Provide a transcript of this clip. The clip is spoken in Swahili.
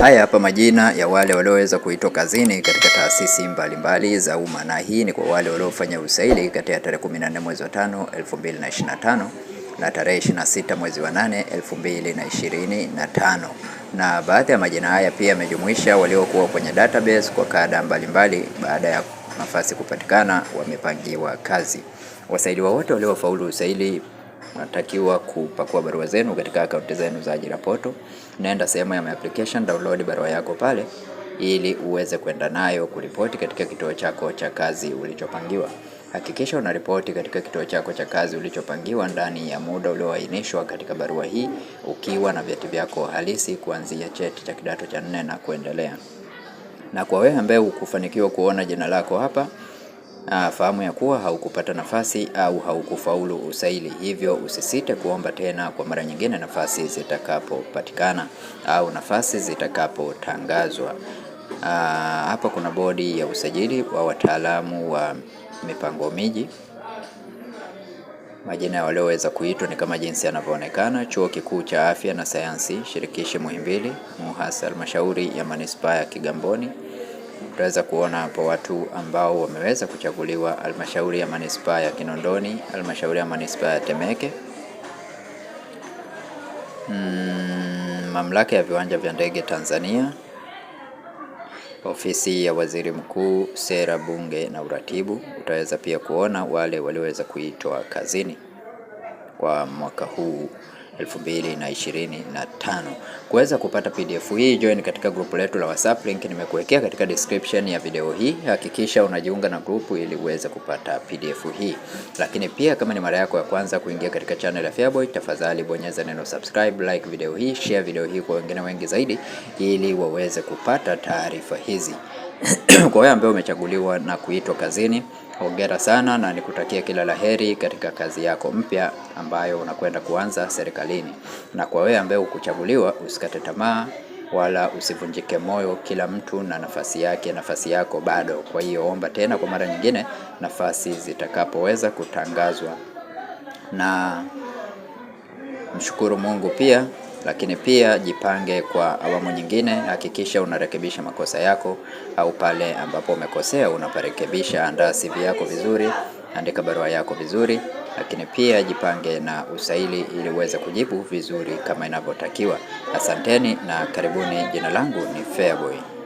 Haya hapa majina ya wale walioweza kuitwa kazini katika taasisi mbalimbali za umma, na hii ni kwa wale waliofanya usaili kati ya tarehe 14 mwezi wa 5 2025 na tarehe 26 mwezi wa 8 2025. Na baadhi ya majina haya pia yamejumuisha waliokuwa kwenye database kwa kada mbalimbali baada ya nafasi kupatikana wamepangiwa kazi. Wasaili wote waliofaulu usaili natakiwa kupakua barua zenu katika akaunti zenu za ajira poto. Naenda sehemu ya my application, download barua yako pale ili uweze kwenda nayo kuripoti katika kituo chako cha kazi ulichopangiwa. Hakikisha unaripoti katika kituo chako cha kazi ulichopangiwa ndani ya muda ulioainishwa katika barua hii, ukiwa na vyeti vyako halisi kuanzia cheti cha kidato cha nne na kuendelea. Na kwa wewe ambaye hukufanikiwa kuona jina lako hapa fahamu ya kuwa haukupata nafasi au haukufaulu usaili, hivyo usisite kuomba tena kwa mara nyingine nafasi zitakapopatikana au nafasi zitakapotangazwa. Ah, hapa kuna bodi ya usajili wa wataalamu wa mipango miji. Majina ya walioweza kuitwa ni kama jinsi yanavyoonekana: Chuo Kikuu cha Afya na Sayansi Shirikishi Muhimbili, MUHAS, Halmashauri ya Manispaa ya Kigamboni. Utaweza kuona hapo watu ambao wameweza kuchaguliwa halmashauri ya manispaa ya Kinondoni, halmashauri ya manispaa ya Temeke, mm, mamlaka ya viwanja vya ndege Tanzania, ofisi ya waziri mkuu, sera, bunge na uratibu. Utaweza pia kuona wale walioweza kuitwa kazini kwa mwaka huu. 2025. Kuweza kupata PDF hii, join katika grupu letu la WhatsApp, link nimekuwekea katika description ya video hii. Hakikisha unajiunga na grupu ili uweze kupata PDF hii. Lakini pia kama ni mara yako ya kwanza kuingia katika channel ya Feaboy, tafadhali bonyeza neno subscribe, like video hii, share video hii kwa wengine wengi zaidi ili waweze kupata taarifa hizi. Kwa wewe ambaye umechaguliwa na kuitwa kazini hongera sana na nikutakia kila laheri katika kazi yako mpya ambayo unakwenda kuanza serikalini. Na kwa wewe ambaye ukuchaguliwa, usikate tamaa wala usivunjike moyo. Kila mtu na nafasi yake, nafasi yako bado. Kwa hiyo omba tena kwa mara nyingine nafasi zitakapoweza kutangazwa, na mshukuru Mungu pia lakini pia jipange kwa awamu nyingine, hakikisha unarekebisha makosa yako, au pale ambapo umekosea unaparekebisha. Andaa CV yako vizuri, andika barua yako vizuri, lakini pia jipange na usaili ili uweze kujibu vizuri kama inavyotakiwa. Asanteni na karibuni. Jina langu ni Feaboy.